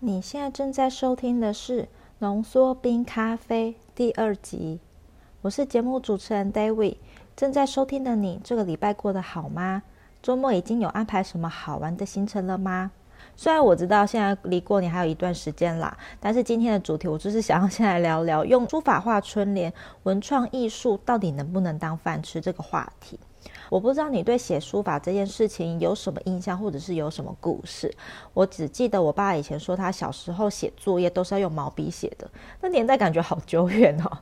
你現在正在收聽的是《濃縮冰咖啡》第二集，我是節目主持人 David。正在收聽的你，這個禮拜過得好嗎？周末已經有安排什麼好玩的行程了嗎？雖然我知道現在離過年還有一段時間啦，但是今天的主題我就是想要先來聊聊用書法畫春聯、文創藝術到底能不能當飯吃這個話題。我不知道你對寫書法這件事情有什麼印象，或者是有什麼故事？我只記得我爸以前說，他小時候寫作業都是要用毛筆寫的。那年代感覺好久遠哦，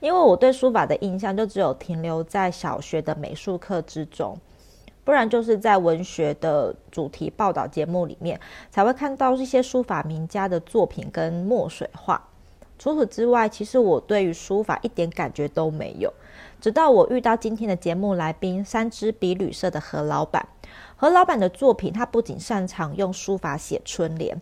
因為我對書法的印象就只有停留在小學的美術課之中，不然就是在文學的主題報道節目裡面才會看到一些書法名家的作品跟墨水畫。除此之外，其實我對於書法一點感覺都沒有。直到我遇到今天的節目來賓三支筆旅社的何老闆，何老闆的作品，他不僅擅長用書法寫春聯，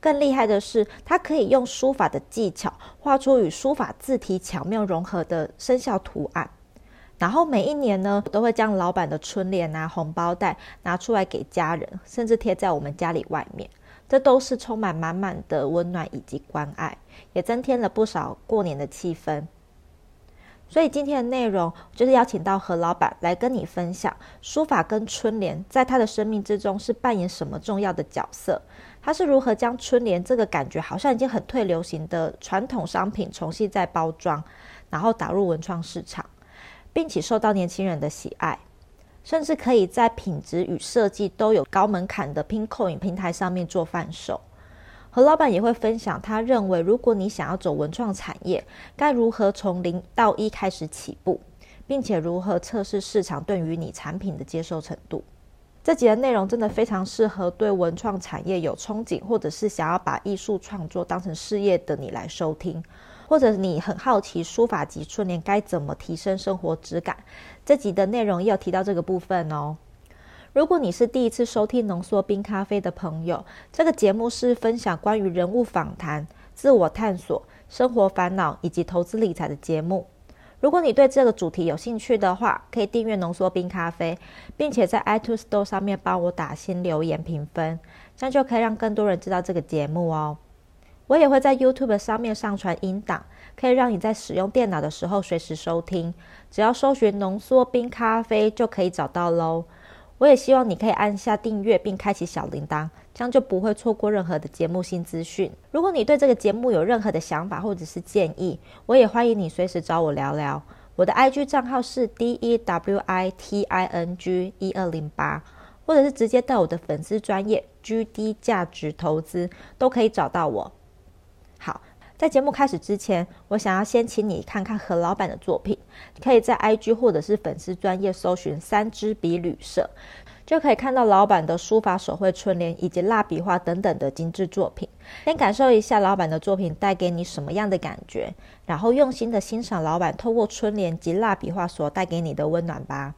更厲害的是，他可以用書法的技巧畫出與書法字體巧妙融合的生肖圖案。然後每一年呢，我都會將老闆的春聯啊、紅包袋拿出來給家人，甚至貼在我們家裡外面，這都是充滿滿滿的溫暖以及關愛，也增添了不少過年的氣氛。所以今天的內容就是邀請到何老闆來跟你分享書法跟春聯在他的生命之中是扮演什麼重要的角色，他是如何將春聯這個感覺好像已經很退流行的傳統商品重新再包裝，然後打入文創市場，並且受到年輕人的喜愛，甚至可以在品質與設計都有高門檻的 pinkoi 平台上面做販售。何老闆也會分享，他認為如果你想要走文創產業，該如何從零到一開始起步，並且如何測試市場對於你產品的接受程度。這集的內容真的非常適合對文創產業有憧憬，或者是想要把藝術創作當成事業的你來收聽。或者你很好奇書法及春聯該怎麼提升生活質感，這集的內容也有提到這個部分哦。如果你是第一次收聽濃縮冰咖啡的朋友，這個節目是分享關於人物訪談、自我探索、生活煩惱以及投資理財的節目。如果你對這個主題有興趣的話，可以訂閱濃縮冰咖啡，並且在 iTunes Store 上面幫我打新留言評分，這樣就可以讓更多人知道這個節目哦。我也會在 YouTube 上面上傳音檔，可以讓你在使用電腦的時候隨時收聽，只要搜尋濃縮冰咖啡就可以找到嘍。我也希望你可以按下訂閱並開啟小鈴鐺，這樣就不會錯過任何的節目新資訊。如果你對這個節目有任何的想法或者是建議，我也歡迎你隨時找我聊聊。我的 IG 賬號是 dewiting 一二零八，D E W I T I N G 1208，或者是直接到我的粉絲專頁 GD 價值投資都可以找到我。在節目開始之前，我想要先請你看看何老闆的作品，可以在 IG 或者是粉絲專頁搜尋“三支筆旅舍”，就可以看到老闆的書法、手繪春聯以及蠟筆畫等等的精緻作品。先感受一下老闆的作品帶給你什麼樣的感覺，然後用心的欣賞老闆透過春聯及蠟筆畫所帶給你的溫暖吧。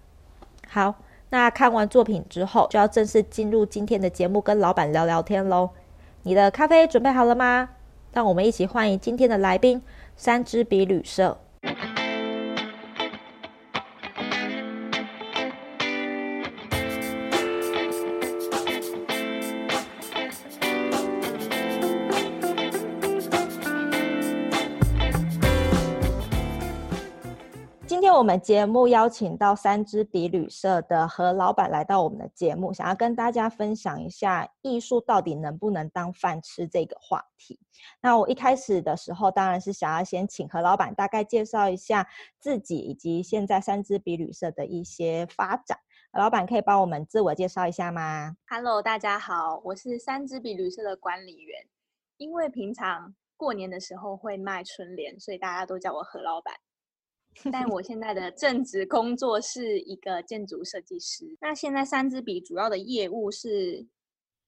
好，那看完作品之後，就要正式進入今天的節目，跟老闆聊聊天嘍。你的咖啡準備好了嗎？讓我們一起歡迎今天的來賓——三支筆旅社。我們節目邀請到三支筆旅舍的何老闆來到我們的節目，想要跟大家分享一下藝術到底能不能當飯吃這個話題。那我一開始的時候，當然是想要先請何老闆大概介紹一下自己以及現在三支筆旅舍的一些發展。何老闆可以幫我們自我介紹一下嗎？Hello，大家好，我是三支筆旅舍的管理員，因為平常過年的時候會賣春聯，所以大家都叫我何老闆。 但我現在的正職工作是一個建築設計師。那現在三支筆主要的業務是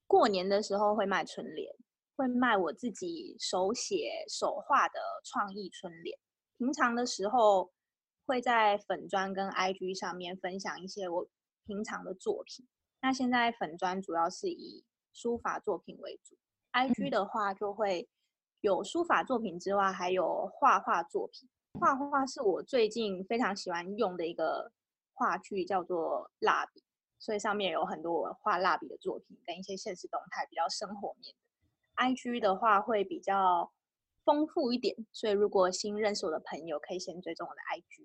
過年的時候會賣春聯，會賣我自己手寫手畫的創意春聯。平常的時候會在粉專跟 IG 上面分享一些我平常的作品。那現在粉專主要是以書法作品為主，IG 的話就會有書法作品之外還有畫畫作品。畫畫是我最近非常喜歡用的一個畫具，叫做蠟筆，所以上面有很多我畫蠟筆的作品跟一些限時動態比較生活面的。IG 的話會比較豐富一點，所以如果新認識我的朋友，可以先追蹤我的 IG。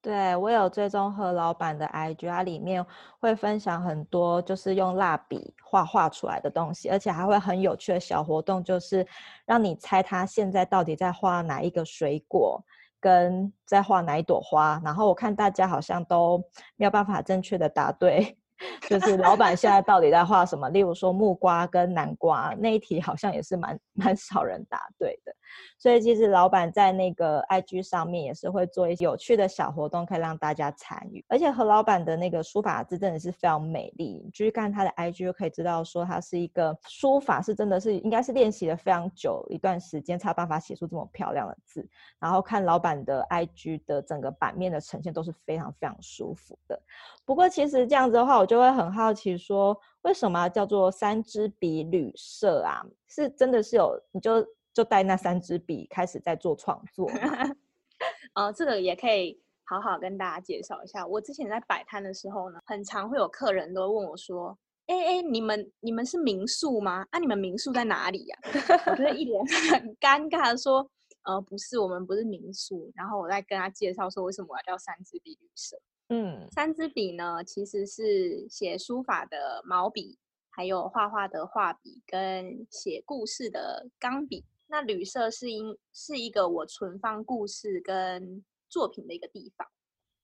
對，我有追蹤何老闆的 IG，它、啊、裡面會分享很多就是用蠟筆畫畫出來的東西，而且還會很有趣的小活動，就是讓你猜他現在到底在畫哪一個水果跟在畫哪一朵花，然後我看大家好像都沒有辦法正確的答對。 就是老闆現在到底在畫什麼？例如說木瓜跟南瓜那一題，好像也是蠻蠻少人答對的。所以其實老闆在那個 IG 上面也是會做一些有趣的小活動，可以讓大家參與。而且何老闆的那個書法字真的是非常美麗，你去看他的 IG 就可以知道說他是一個書法是真的是應該是練習了非常久一段時間，才有辦法寫出這麼漂亮的字。然後看老闆的 IG 的整個版面的呈現都是非常非常舒服的。不過其實這樣子的話。我就會很好奇，說為什麼叫做三支筆旅舍啊？是真的是有，你就就帶那三支筆開始在做創作。嗯 、呃，這個也可以好好跟大家介紹一下。我之前在擺攤的時候呢，很常會有客人都問我說：“哎、欸、哎、欸，你們你們是民宿嗎？啊，你們民宿在哪裡呀、啊？” 我就一臉很尷尬的說：“呃，不是，我們不是民宿。”然後我在跟他介紹說，為什麼我要叫三支筆旅舍。嗯，三支筆呢，其實是寫書法的毛筆，還有畫畫的畫筆，跟寫故事的鋼筆。那旅舍是因是一個我存放故事跟作品的一個地方。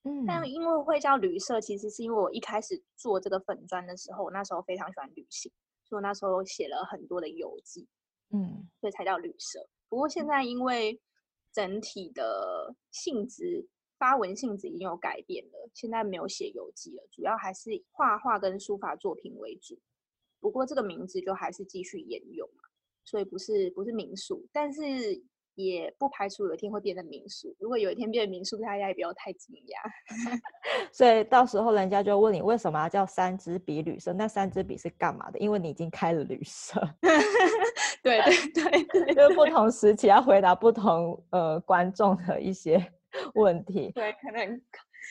嗯，但因為我會叫旅舍，其實是因為我一開始做這個粉磚的時候，那時候非常喜歡旅行，所以我那時候寫了很多的遊記。嗯，所以才叫旅舍。不過現在因為整體的性質。發文性質已經有改變了，現在沒有寫遊記了，主要還是以畫畫跟書法作品為主。不過這個名字就還是繼續沿用嘛，所以不是不是民宿，但是也不排除有一天會變成民宿。如果有一天變成民宿，大家也不要太驚訝。所以到時候人家就問你為什麼要叫三支筆旅舍？那三支筆是幹嘛的？因為你已經開了旅舍。 對對對，對，就是不同時期要回答不同呃觀眾的一些。 問題對，可能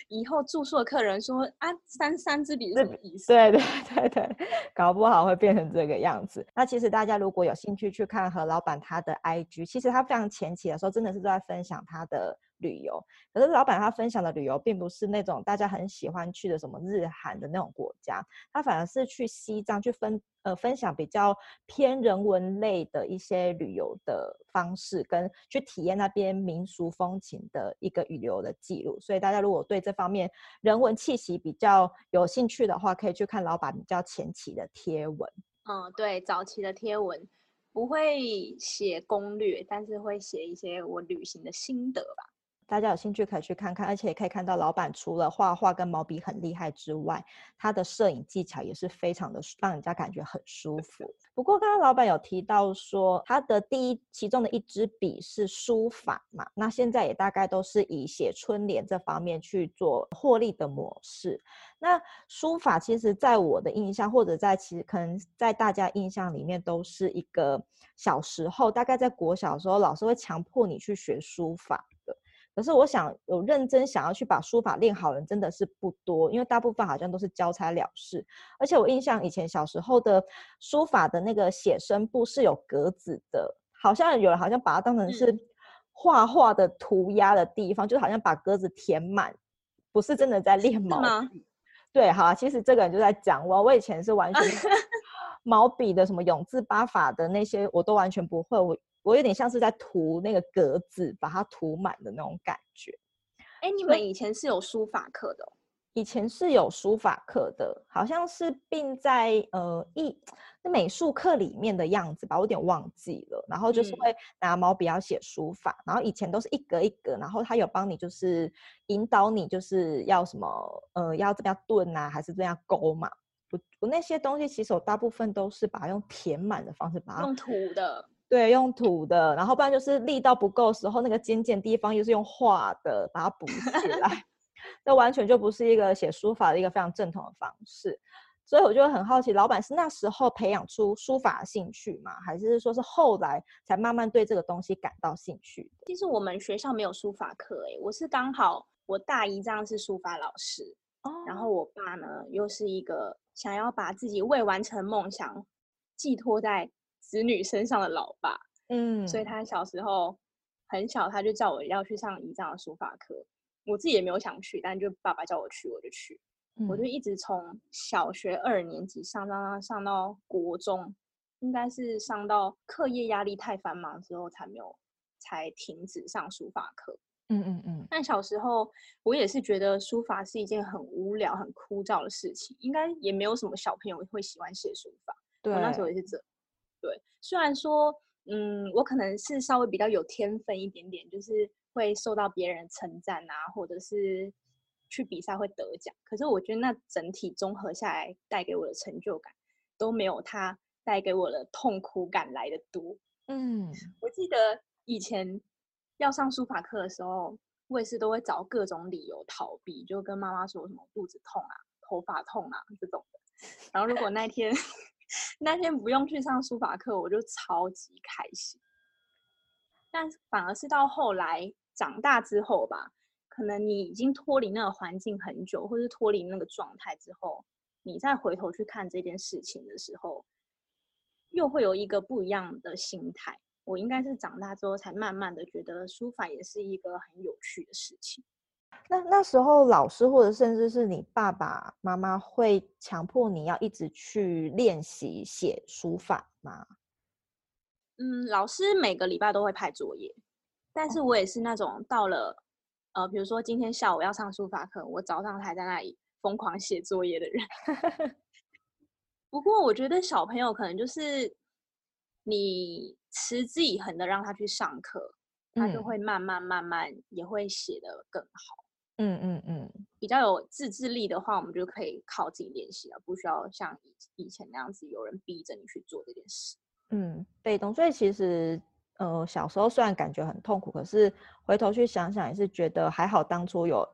以後住宿的客人說啊，三三支筆是什麼意思，對對對對，搞不好會變成這個樣子。 那其實大家如果有興趣去看何老板他的 IG，其實他非常前期的時候真的是在分享他的。旅遊，可是老板他分享的旅遊並不是那種大家很喜歡去的什麼日韓的那種國家，他反而是去西藏去分呃分享比較偏人文類的一些旅遊的方式，跟去體驗那邊民俗風情的一個旅遊的記錄。所以大家如果對這方面人文氣息比較有興趣的話，可以去看老板比較前期的貼文。嗯，對，早期的貼文不會寫攻略，但是會寫一些我旅行的心得吧。大家有興趣可以去看看，而且也可以看到老板除了畫畫跟毛筆很厲害之外，他的攝影技巧也是非常的讓人家感覺很舒服。不過剛剛老板有提到說他的第一，其中的一支筆是書法嘛，那現在也大概都是以寫春聯這方面去做獲利的模式。那書法其實，在我的印象，或者在其實可能在大家印象裡面，都是一個小時候，大概在國小的時候，老師會強迫你去學書法。可是我想有認真想要去把書法練好人真的是不多，因為大部分好像都是交差了事。而且我印象以前小時候的書法的那個寫生簿是有格子的，好像有人好像把它當成是畫畫的塗鴉的地方，嗯、就好像把格子填滿，不是真的在練毛筆。嗎對好、啊，其實這個人就在講我，我以前是完全毛筆的、啊、呵呵什麼永字八法的那些我都完全不會。我。我有點像是在塗那個格子，把它塗滿的那種感覺。哎、欸，你們以前是有書法課的、哦？以，以前是有書法課的，好像是併在呃一那美術課裡面的樣子吧，把我有點忘記了。然後就是會拿毛筆要寫書法，嗯、然後以前都是一格一格，然後他有幫你就是引導你，就是要什麼呃要這樣頓啊，還是這樣勾嘛？我那些東西其實我大部分都是把它用填滿的方式把它用塗的。對，用土的，然後不然就是力道不夠的時候，那個尖尖地方又是用畫的把它補起來， 這完全就不是一個寫書法的一個非常正統的方式。所以我就很好奇，老闆是那時候培養出書法的興趣嗎？還是說是後來才慢慢對這個東西感到興趣？其實我們學校沒有書法課、欸，哎，我是剛好我大姨丈是書法老師，哦、然後我爸呢又是一個想要把自己未完成夢想寄託在。子女身上的老爸，嗯，所以他小時候很小，他就叫我要去上一仗的書法課。我自己也沒有想去，但就爸爸叫我去，我就去。嗯、我就一直從小學二年級上上上上到國中，應該是上到課業壓力太繁忙之後才沒有才停止上書法課。嗯嗯嗯。但小時候我也是覺得書法是一件很無聊、很枯燥的事情，應該也沒有什麼小朋友會喜歡寫書法。對，我那時候也是這樣。對，雖然說，嗯，我可能是稍微比較有天分一點點，就是會受到別人稱讚啊，或者是去比賽會得獎，可是我覺得那整體綜合下來帶給我的成就感，都沒有他帶給我的痛苦感來得多。嗯，我記得以前要上書法課的時候，我也是都會找各種理由逃避，就跟媽媽說什麼肚子痛啊、頭髮痛啊這種的。然後如果那天， 那天不用去上書法課，我就超級開心。但是反而是到後來長大之後吧，可能你已經脫離那個環境很久，或是脫離那個狀態之後，你再回頭去看這件事情的時候，又會有一個不一樣的心態。我應該是長大之後才慢慢的覺得書法也是一個很有趣的事情。那那時候，老師或者甚至是你爸爸媽媽會強迫你要一直去練習寫書法嗎？嗯，老師每個禮拜都會派作業，但是我也是那種到了，Okay. 呃，比如說今天下午要上書法課，我早上還在那裡瘋狂寫作業的人。 不過我覺得小朋友可能就是，你持之以恆的讓他去上課，他就會慢慢慢慢也會寫得更好。嗯嗯嗯，嗯嗯，比較有自制力的話，我們就可以靠自己練習了，不需要像以以前那樣子有人逼着你去做這件事。嗯，被動。所以其實，呃，小時候雖然感覺很痛苦，可是回頭去想想，也是覺得還好，當初有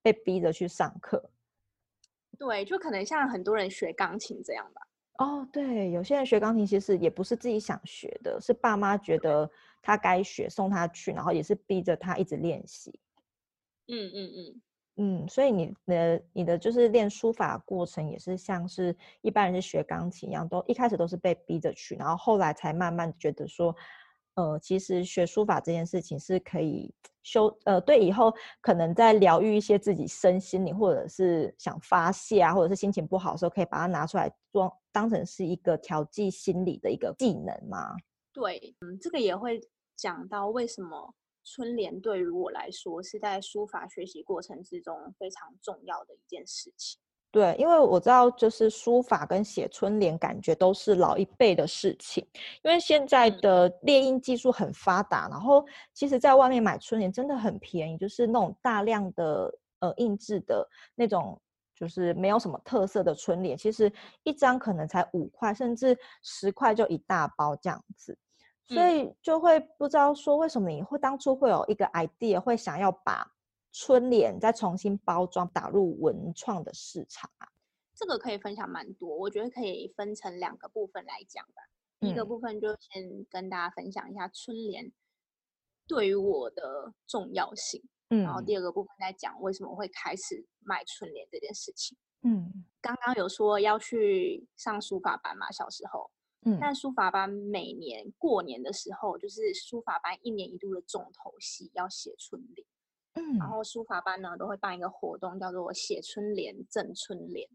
被逼着去上課。對，就可能像很多人學鋼琴這樣吧。哦，對，有些人學鋼琴其實也不是自己想學的，是爸媽覺得他該學，對送他去，然後也是逼着他一直練習。嗯嗯嗯嗯，所以你的你的就是練書法過程也是像是一般人是學鋼琴一樣，都一開始都是被逼着去，然後後來才慢慢覺得說，呃，其實學書法這件事情是可以修呃，對以後可能在療癒一些自己身心理，或者是想發洩啊，或者是心情不好的時候，可以把它拿出來裝當成是一個調劑心理的一個技能嘛。對，嗯，這個也會講到為什麼。春聯對於我來說是在書法學習過程之中非常重要的一件事情。對，因為我知道，就是書法跟寫春聯，感覺都是老一輩的事情。因為現在的列印技術很發達，嗯、然後其實，在外面買春聯真的很便宜，就是那種大量的呃印制的那種，就是沒有什麼特色的春聯，其實一張可能才五塊，甚至十塊就一大包這樣子。所以就會不知道說為什麼你會當初會有一個 idea，會想要把春聯再重新包裝打入文創的市場啊？這個可以分享蠻多，我覺得可以分成兩個部分來講吧。第一個部分就先跟大家分享一下春聯對於我的重要性，嗯，然後第二個部分再講為什麼我會開始賣春聯這件事情。嗯，剛剛有說要去上書法班嘛？小時候。嗯、但書法班每年過年的時候，就是書法班一年一度的重頭戲，要寫春聯。嗯，然後書法班呢都會辦一個活動，叫做“寫春聯，贈春聯”。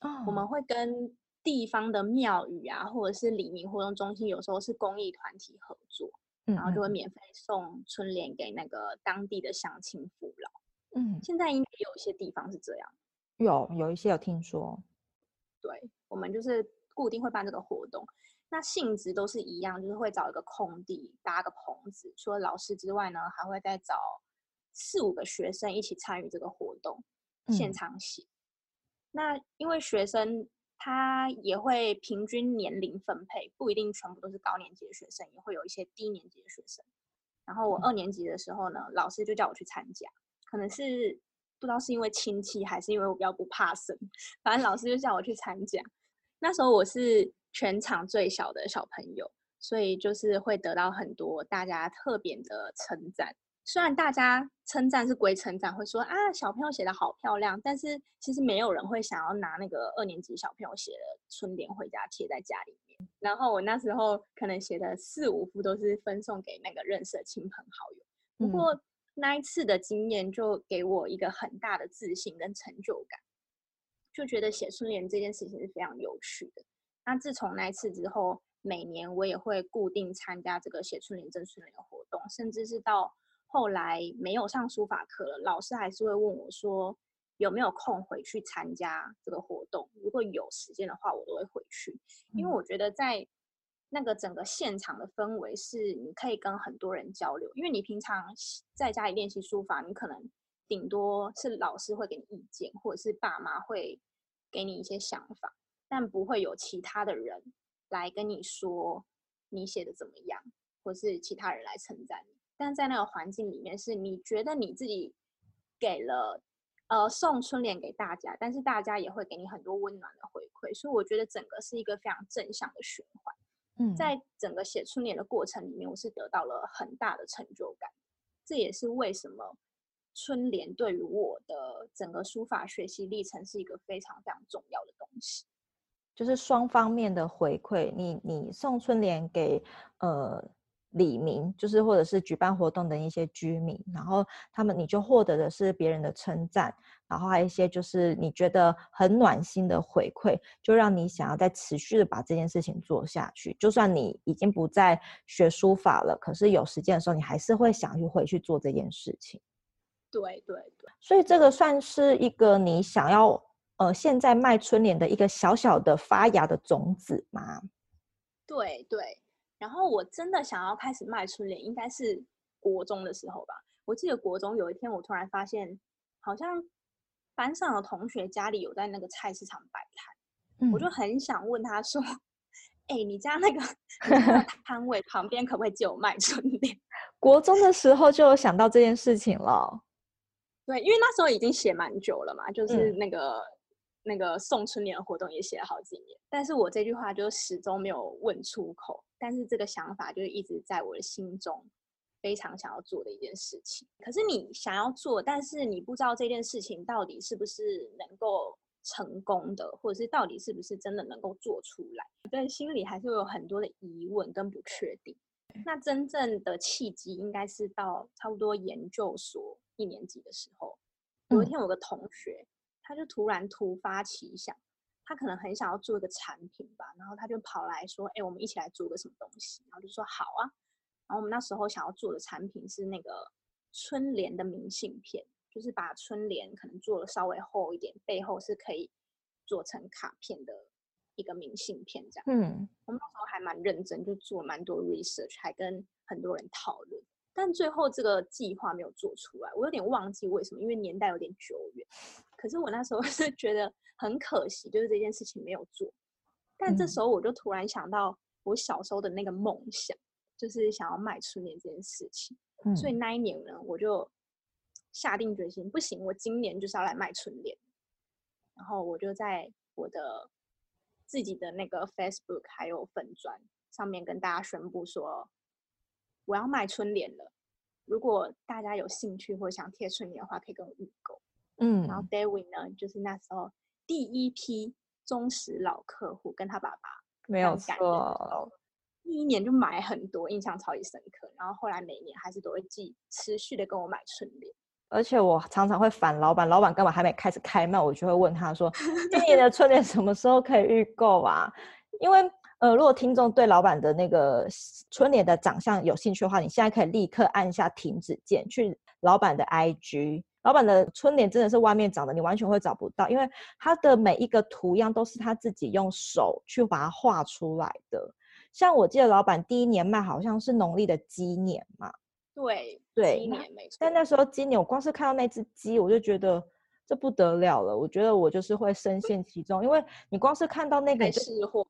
哦，我們會跟地方的廟宇啊，或者是里民活動中心，有時候是公益團體合作，嗯嗯，然後就會免費送春聯給那個當地的鄉親父老。嗯，現在應該有一些地方是這樣。有，有一些有聽說。對，我們就是。固定會辦這個活動，那性質都是一樣，就是會找一個空地搭個棚子，除了老師之外呢，還會再找四五個學生一起參與這個活動，現場寫。嗯、那因為學生他也會平均年齡分配，不一定全部都是高年級的學生，也會有一些低年級的學生。然後我二年級的時候呢，老師就叫我去參加，可能是不知道是因為親戚，還是因為我比較不怕生，反正老師就叫我去參加。那時候我是全場最小的小朋友，所以就是會得到很多大家特別的稱讚。雖然大家稱讚是歸稱讚，會說啊，小朋友寫的好漂亮，但是其實沒有人會想要拿那個二年級小朋友寫的春聯回家貼在家裡面。然後我那時候可能寫的四五幅都是分送給那個認識的親朋好友。不過那一次的經驗就給我一個很大的自信跟成就感。就覺得寫春聯這件事情是非常有趣的。那自從那一次之後，每年我也會固定參加這個寫春聯、贈春聯的活動。甚至是到後來沒有上書法課了，老師還是會問我說有沒有空回去參加這個活動。如果有時間的話，我都會回去，因為我覺得在那個整個現場的氛圍是你可以跟很多人交流，因為你平常在家裡練習書法，你可能。頂多是老師會給你意見，或者是爸媽會給你一些想法，但不會有其他的人來跟你說你寫的怎麼樣，或是其他人來稱讚你。但在那個環境裡面，是你覺得你自己給了呃送春聯給大家，但是大家也會給你很多溫暖的回饋，所以我覺得整個是一個非常正向的循環。嗯，在整個寫春聯的過程裡面，我是得到了很大的成就感，這也是為什麼。春聯對於我的整個書法學習歷程是一個非常非常重要的東西，就是雙方面的回饋。你你送春聯給呃里民，就是或者是舉辦活動的一些居民，然後他們你就獲得的是別人的稱讚，然後還有一些就是你覺得很暖心的回饋，就讓你想要再持續的把這件事情做下去。就算你已經不再學書法了，可是有時間的時候，你還是會想去回去做這件事情。對對對，所以這個算是一個你想要呃，現在賣春聯的一個小小的發芽的種子嗎？對對，然後我真的想要開始賣春聯，應該是國中的時候吧。我記得國中有一天，我突然發現好像班上的同學家裡有在那個菜市場擺攤，嗯、我就很想問他說：“哎、欸，你家那個你家的攤位旁邊可不可以借我賣春聯？” 國中的時候就有想到這件事情了。對，因為那時候已經寫蠻久了嘛，就是那個、嗯、那個送春聯活動也寫了好幾年，但是我這句話就始終沒有問出口，但是這個想法就是一直在我的心中，非常想要做的一件事情。可是你想要做，但是你不知道這件事情到底是不是能夠成功的，或者是到底是不是真的能夠做出來，所以心裡還是會有很多的疑問跟不確定。那真正的契機應該是到差不多研究所。一年級的時候，有一天，有個同學，他就突然突發奇想，他可能很想要做一個產品吧，然後他就跑來說：“哎、欸，我們一起來做個什麼東西。”然後就說：“好啊。”然後我們那時候想要做的產品是那個春聯的明信片，就是把春聯可能做的稍微厚一點，背後是可以做成卡片的一個明信片，這樣。嗯，我們那時候還蠻認真，就做了蠻多 research，還跟很多人討論。但最後這個計劃沒有做出來，我有點忘記為什麼，因為年代有點久遠。可是我那時候是覺得很可惜，就是這件事情沒有做。但這時候我就突然想到我小時候的那個夢想，就是想要賣春聯這件事情。嗯、所以那一年呢，我就下定決心，不行，我今年就是要來賣春聯。然後我就在我的自己的那個 Facebook 還有粉專上面跟大家宣布說。我要賣春聯了，如果大家有興趣或想貼春聯的話，可以跟我預購。嗯，然後 David 呢，就是那時候第一批忠實老客戶，跟他爸爸剛剛沒有錯，第一年就買很多，印象超級深刻。然後後來每年還是都會繼持續的跟我買春聯。而且我常常會煩老闆，老闆根本還沒開始開賣，我就會問他說：“今年的春聯什麼時候可以預購啊？”因為呃，如果聽眾對老板的那個春聯的長相有興趣的話，你現在可以立刻按下停止鍵，去老板的 IG。老板的春聯真的是外面長的，你完全會找不到，因為他的每一個圖樣都是他自己用手去把它畫出來的。像我記得老板第一年賣好像是農曆的雞年嘛，對對，但那時候雞年，我光是看到那隻雞，我就覺得這不得了了，我覺得我就是會深陷其中，嗯，因為你光是看到那個是貨。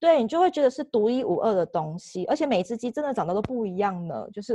對，你就會覺得是獨一無二的東西，而且每隻雞真的長得都不一樣呢。就是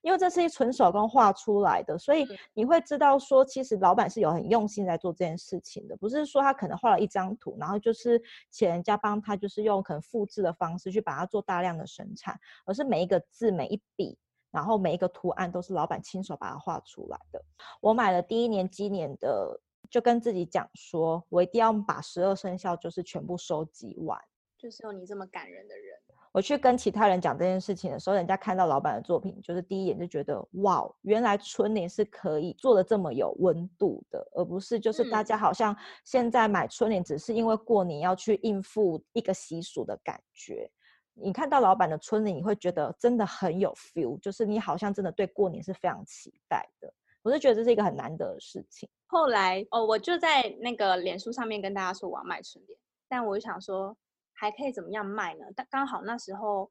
因為這是一純手工畫出來的，所以你會知道說，其實老闆是有很用心在做這件事情的，不是說他可能畫了一張圖，然後就是請人家幫他，就是用可能複製的方式去把它做大量的生產，而是每一個字、每一筆，然後每一個圖案都是老闆親手把它畫出來的。我買了第一年紀念的，就跟自己講說，我一定要把十二生肖就是全部收集完。就是有你這麼感人的人，我去跟其他人講這件事情的時候，人家看到老板的作品，就是第一眼就覺得哇，原來春聯是可以做的這麼有溫度的，而不是就是大家好像現在買春聯只是因為過年要去應付一個習俗的感覺。你看到老板的春聯，你會覺得真的很有 feel，就是你好像真的對過年是非常期待的。我是覺得這是一個很難得的事情。後來哦，我就在那個臉書上面跟大家說我要賣春聯，但我就想說。還可以怎麼樣賣呢？但剛好那時候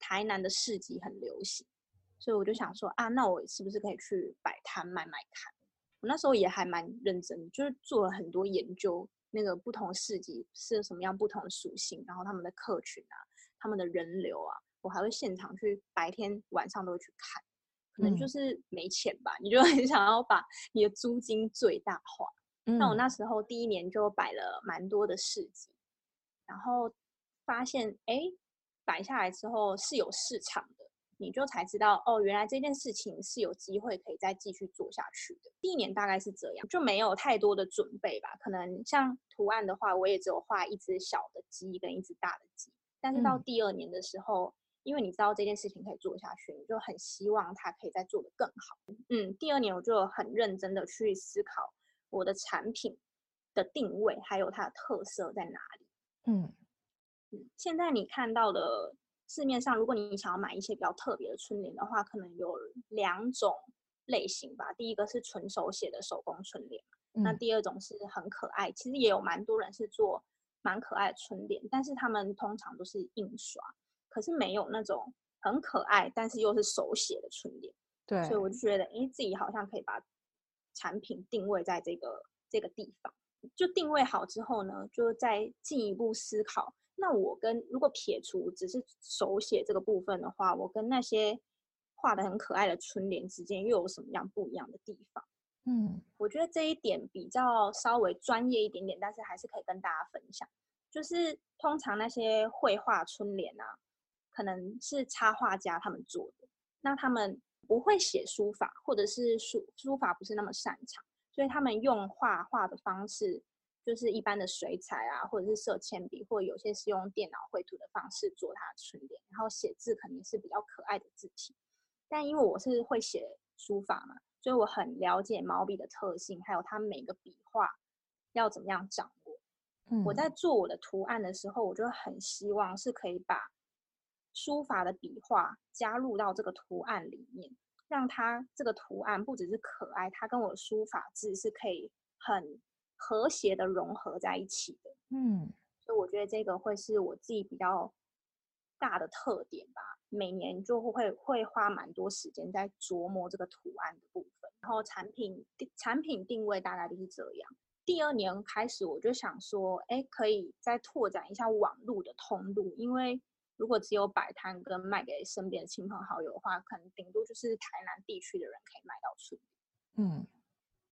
台南的市集很流行，所以我就想說啊，那我是不是可以去擺攤賣賣看？我那時候也還蠻認真，就是做了很多研究，那個不同市集是什麼樣、不同的屬性，然後他們的客群啊、他們的人流啊，我還會現場去白天晚上都去看。可能就是沒錢吧，你就很想要把你的租金最大化。那我那時候第一年就擺了蠻多的市集。然後發現，哎，擺下來之後是有市場的，你就才知道哦，原來這件事情是有機會可以再繼續做下去的。第一年大概是這樣，就沒有太多的準備吧。可能像圖案的話，我也只有畫一隻小的雞跟一隻大的雞。但是到第二年的時候，嗯、因為你知道這件事情可以做下去，你就很希望它可以再做的更好。嗯，第二年我就很認真的去思考我的產品的定位，還有它的特色在哪裡。嗯，現在你看到的市面上，如果你想要買一些比較特別的春聯的話，可能有兩種類型吧。第一個是純手寫的手工春聯，嗯，那第二種是很可愛，其實也有蠻多人是做蠻可愛的春聯，但是他們通常都是印刷，可是沒有那種很可愛但是又是手寫的春聯。對，所以我就覺得，因為自己好像可以把產品定位在這個這個地方。就定位好之後呢，就再進一步思考。那我跟，如果撇除只是手寫這個部分的話，我跟那些畫的很可愛的春聯之間又有什麼樣不一樣的地方？嗯，我覺得這一點比較稍微專業一點點，但是還是可以跟大家分享。就是通常那些繪畫春聯啊，可能是插畫家他們做的，那他們不會寫書法，或者是書書法不是那麼擅長。所以他們用畫畫的方式，就是一般的水彩啊，或者是色鉛筆，或者有些是用電腦繪圖的方式做它的春聯，然後寫字肯定是比較可愛的字體。但因為我是會寫書法嘛，所以我很了解毛筆的特性，還有它每個筆畫要怎麼樣掌握。嗯、我在做我的圖案的時候，我就很希望是可以把書法的筆畫加入到這個圖案裡面。讓它這個圖案不只是可愛，它跟我的書法字是可以很和諧的融合在一起的。嗯，所以我覺得這個會是我自己比較大的特點吧。每年就會會花蠻多時間在琢磨這個圖案的部分，然後產品產品定位大概就是這樣。第二年開始我就想說，哎，可以再拓展一下網路的通路，因為，如果只有擺攤跟賣給身邊的親朋好友的話，可能頂多就是台南地區的人可以賣到處。嗯，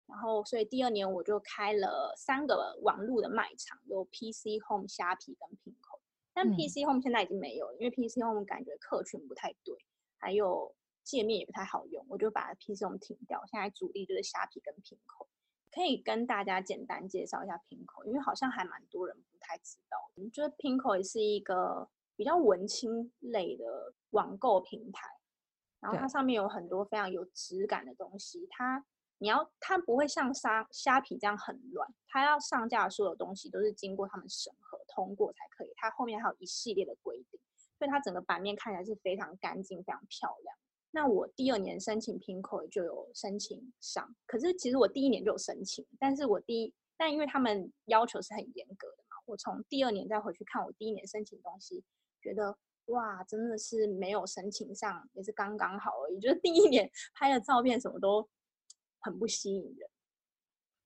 然後所以第二年我就開了三個網絡的賣場，有 PC Home、蝦皮跟 Pinkoi。但 PC Home 現在已經沒有，嗯、因為 PC Home 感覺客群不太對，還有界面也不太好用，我就把 PC Home 停掉。現在主力就是蝦皮跟 Pinkoi。可以跟大家簡單介紹一下 Pinkoi，因為好像還蠻多人不太知道。我覺得 Pinkoi 也是一個。比較文青類的網購平台，然後它上面有很多非常有質感的東西，它你要它不會像蝦蝦皮這樣很亂，它要上架的所有的東西都是經過他們審核通過才可以，它後面還有一系列的規定，所以它整個版面看起來是非常乾淨、非常漂亮。那我第二年申請 Pinkoi 就有申請上，可是其實我第一年就有申請，但是我第一，但因為他們要求是很嚴格的嘛，我從第二年再回去看我第一年申請的東西。覺得哇，真的是沒有申請上也是剛剛好而已。就是第一年拍的照片，什麼都很不吸引人。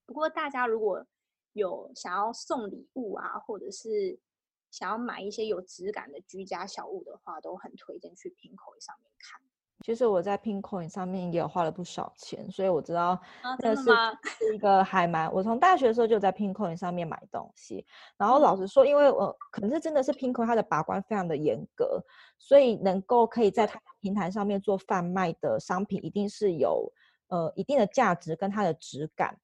不過大家如果有想要送禮物啊，或者是想要買一些有質感的居家小物的話，都很推薦去 pinkoi 上面看。其實我在 Pinkoi 上面也花了不少錢，所以我知道這是一個還蠻……啊、我從大學的時候就在 Pinkoi 上面買東西。然後老實說，因為我、呃、可能是真的是 Pinkoi 它的把關非常的嚴格，所以能夠可以在它平台上面做販賣的商品，一定是有呃一定的價值跟它的質感。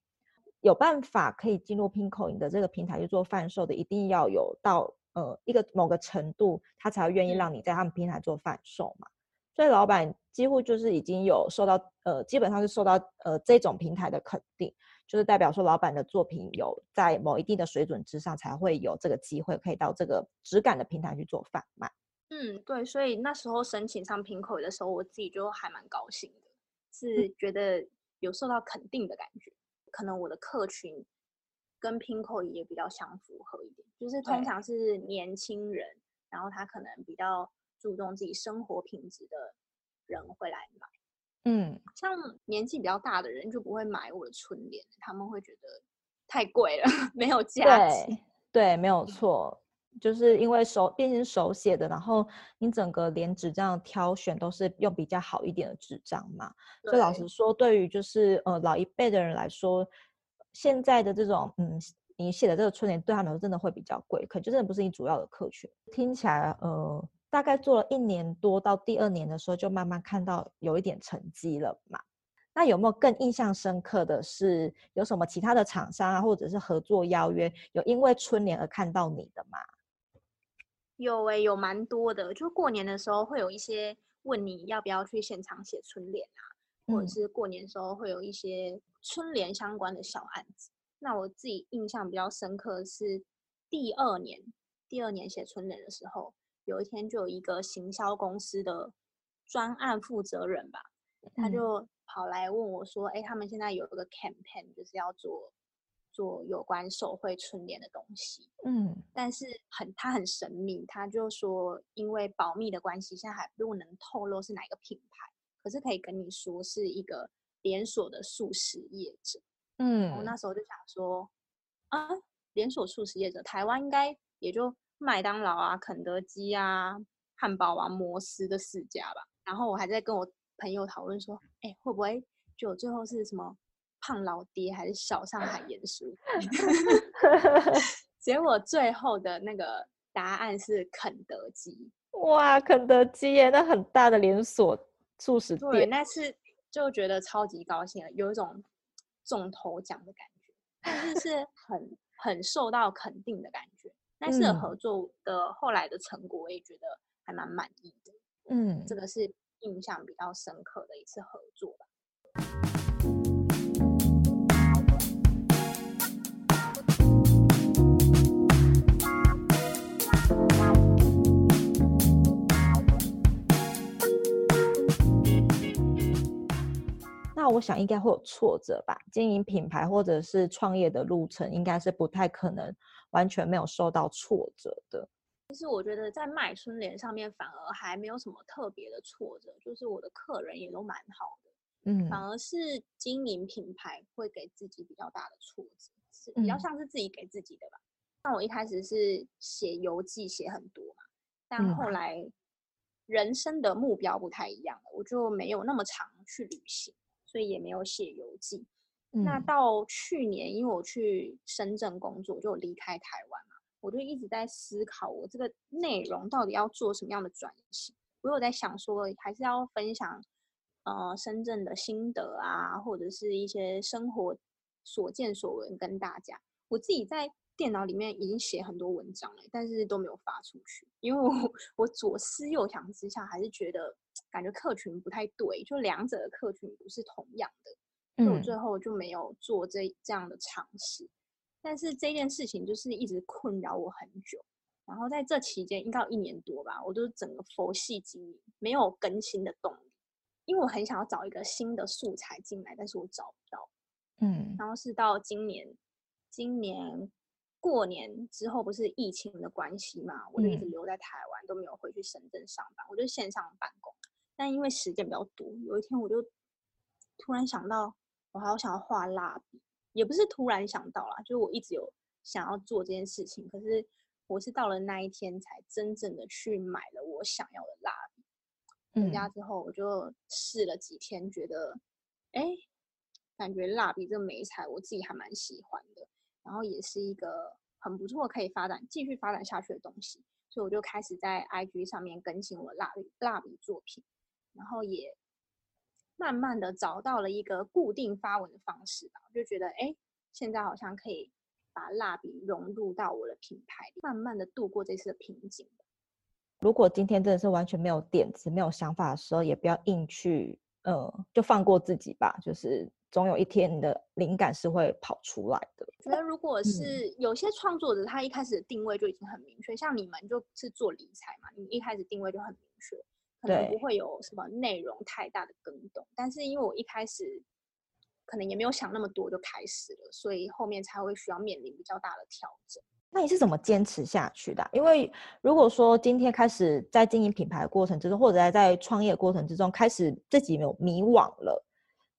有辦法可以進入 Pinkoi 的這個平台去做販售的，一定要有到呃一個某個程度，他才會願意讓你在他們平台做販售嘛。所以老闆幾乎就是已經有受到呃，基本上是受到呃這種平台的肯定，就是代表說老闆的作品有在某一定的水準之上，才會有這個機會可以到這個質感的平台去做販賣。嗯，對，所以那時候申請上 Pinkoi 的時候，我自己就還蠻高興的，是覺得有受到肯定的感覺。嗯，可能我的客群跟 Pinkoi 也比較相符合一點，就是通常是年輕人，對然後他可能比較。注重自己生活品質的人會來買，嗯，像年紀比較大的人就不會買我的春聯，他們會覺得太貴了，沒有價值。對，對，沒有錯，嗯，就是因為手變成手寫的，然後你整個聯紙這樣挑選都是用比較好一點的紙張嘛。對所以老實說，對於就是呃老一輩的人來說，現在的這種嗯你寫的這個春聯對他們真的會比較貴，可就真的不是你主要的客群。嗯，聽起來呃。大概做了一年多，到第二年的時候，就慢慢看到有一點成績了嘛。那有沒有更印象深刻的是，有什麼其他的廠商啊，或者是合作邀約，有因為春聯而看到你的嗎？有誒、欸，有蠻多的。就過年的時候會有一些問你要不要去現場寫春聯啊，嗯、或者是過年的時候會有一些春聯相關的小案子。那我自己印象比較深刻的是第二年，第二年寫春聯的時候。有一天就有一個行銷公司的專案負責人吧，他就跑來問我說：“哎、欸，他們現在有一個 campaign，就是要做做有關手繪春聯的東西。”嗯，但是很他很神秘，他就說因為保密的關係，現在還不不能透露是哪個品牌，可是可以跟你說是一個連鎖的素食業者。嗯，我那時候就想說，啊，連鎖素食業者，台灣應該也就。麥當勞啊，肯德基啊，漢堡王、啊、摩斯的四家吧。然後我還在跟我朋友討論說，哎，會不會就最後是什麼胖老爹還是小上海嚴叔？ 結果最後的那個答案是肯德基。哇，肯德基耶，那很大的連鎖速食店，那次就覺得超級高興了，有一種中頭獎的感覺，但是是很很受到肯定的感覺。但是合作的後來的成果，我也覺得還蠻滿意的。嗯，這個是印象比較深刻的一次合作吧。嗯，那我想應該會有挫折吧，經營品牌或者是創業的路程，應該是不太可能。完全沒有受到挫折的。其實我覺得在賣春聯上面反而還沒有什麼特別的挫折，就是我的客人也都蠻好的。嗯，反而是經營品牌會給自己比較大的挫折，是比較像是自己給自己的吧。嗯，像我一開始是寫遊記寫很多嘛，但後來人生的目標不太一樣了，我就沒有那麼常去旅行，所以也沒有寫遊記。那到去年，因為我去深圳工作，就離開台灣嘛，我就一直在思考，我這個內容到底要做什麼樣的轉型。我有在想說，還是要分享，呃，深圳的心得啊，或者是一些生活所見所聞跟大家。我自己在電腦裡面已經寫很多文章了，但是都沒有發出去，因為我我左思右想之下，還是覺得感覺客群不太對，就兩者的客群不是同樣的。所以我最後就沒有做這這樣的嘗試，嗯、但是這件事情就是一直困擾我很久。然後在這期間，應該有一年多吧，我都整個佛系經營，沒有更新的動力，因為我很想要找一個新的素材進來，但是我找不到。嗯，然後是到今年，今年過年之後，不是疫情的關係嘛，我就一直留在台灣，都沒有回去深圳上班，我就線上辦公。但因為時間比較多，有一天我就突然想到。我好想要畫蠟筆，也不是突然想到啦，就是我一直有想要做這件事情，可是我是到了那一天才真正的去買了我想要的蠟筆。回家之後我就試了幾天，覺得，哎、嗯欸，感覺蠟筆這個媒材我自己還蠻喜歡的，然後也是一個很不錯可以發展繼續發展下去的東西，所以我就開始在 IG 上面更新我的蠟筆蠟筆作品，然後也。慢慢的找到了一個固定發文的方式吧，我就覺得哎、欸，現在好像可以把蠟筆融入到我的品牌裡，慢慢的度過這次的瓶頸。如果今天真的是完全沒有點子、沒有想法的時候，也不要硬去，呃，就放過自己吧。就是總有一天你的靈感是會跑出來的。覺得如果是有些創作者，他一開始的定位就已經很明確，嗯、像你們就是做理財嘛，你一開始定位就很明確。可能不會有什麼內容太大的更動，對但是因為我一開始可能也沒有想那麼多就開始了，所以後面才會需要面臨比較大的調整。那你是怎麼堅持下去的啊？因為如果說今天開始在經營品牌的過程之中，或者在在創業的過程之中開始自己有迷惘了。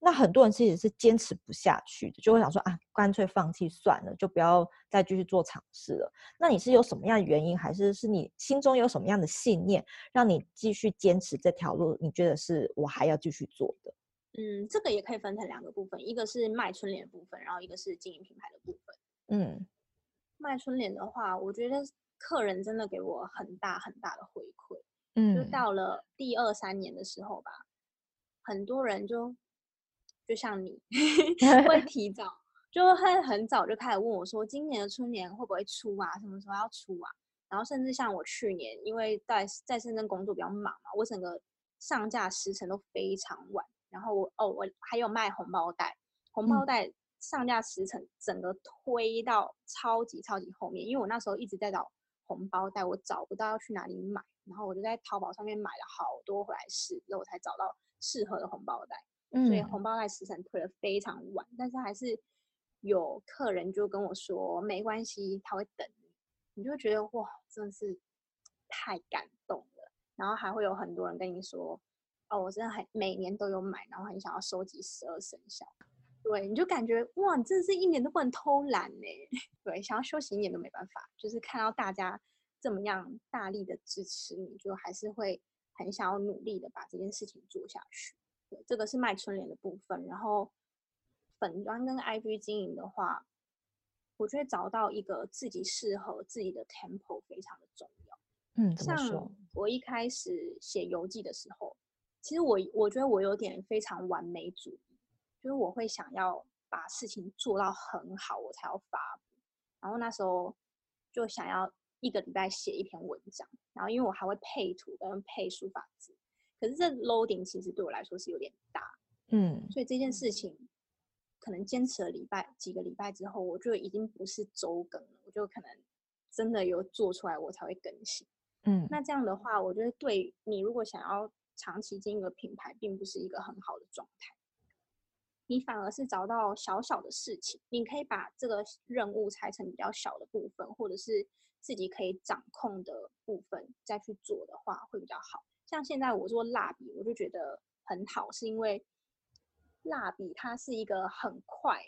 那很多人其實是堅持不下去的，就會想說啊，乾脆放棄算了，就不要再繼續做嘗試了。那你是有什麼樣的原因，還是是你心中有什麼樣的信念，讓你繼續堅持這條路？你覺得是我還要繼續做的？嗯，這個也可以分成兩個部分，一個是賣春聯的部分，然後一個是經營品牌的部分。嗯，賣春聯的話，我覺得客人真的給我很大很大的回饋。嗯，就到了第二三年的時候吧，很多人就。就像你 會提早，就會很早就開始問我說，今年的春聯會不會出啊？什麼時候要出啊？然後甚至像我去年，因為在在深圳工作比較忙嘛，我整個上架時程都非常晚。然後我哦，我還有賣紅包袋，紅包袋上架時程整個推到超級超級後面，嗯、因為我那時候一直在找紅包袋，我找不到要去哪裡買，然後我就在淘寶上面買了好多回來試，然後我才找到適合的紅包袋。所以紅包在時辰推的非常晚，嗯，但是還是有客人就跟我說，沒關係，他會等你，你就會覺得哇，真的是太感動了。然後還會有很多人跟你說，哦，我真的很每年都有買，然後很想要收集十二生肖。對，你就感覺哇，你真的是一年都不能偷懶呢。對，想要休息一年都沒辦法，就是看到大家這麼樣大力的支持你，就還是會很想要努力的把這件事情做下去。這個是賣春聯的部分，然後粉專跟 IG 經營的話，我覺得找到一個自己適合自己的 tempo 非常的重要。嗯，像我一開始寫遊記的時候，其實我我覺得我有點非常完美主義，就是我會想要把事情做到很好，我才要發布，然後那時候就想要一個禮拜寫一篇文章，然後因為我還會配圖跟配書法字。可是這 loading 其實對我來說是有點大，嗯，所以這件事情可能堅持了禮拜幾個禮拜之後，我就已經不是周更了，我就可能真的有做出來，我才會更新，嗯，那這樣的話，我覺得對你如果想要長期經營一個品牌，並不是一個很好的狀態，你反而是找到小小的事情，你可以把這個任務拆成比較小的部分，或者是自己可以掌控的部分再去做的話，會比較好。像現在我做蠟筆，我就覺得很好，是因為蠟筆它是一個很快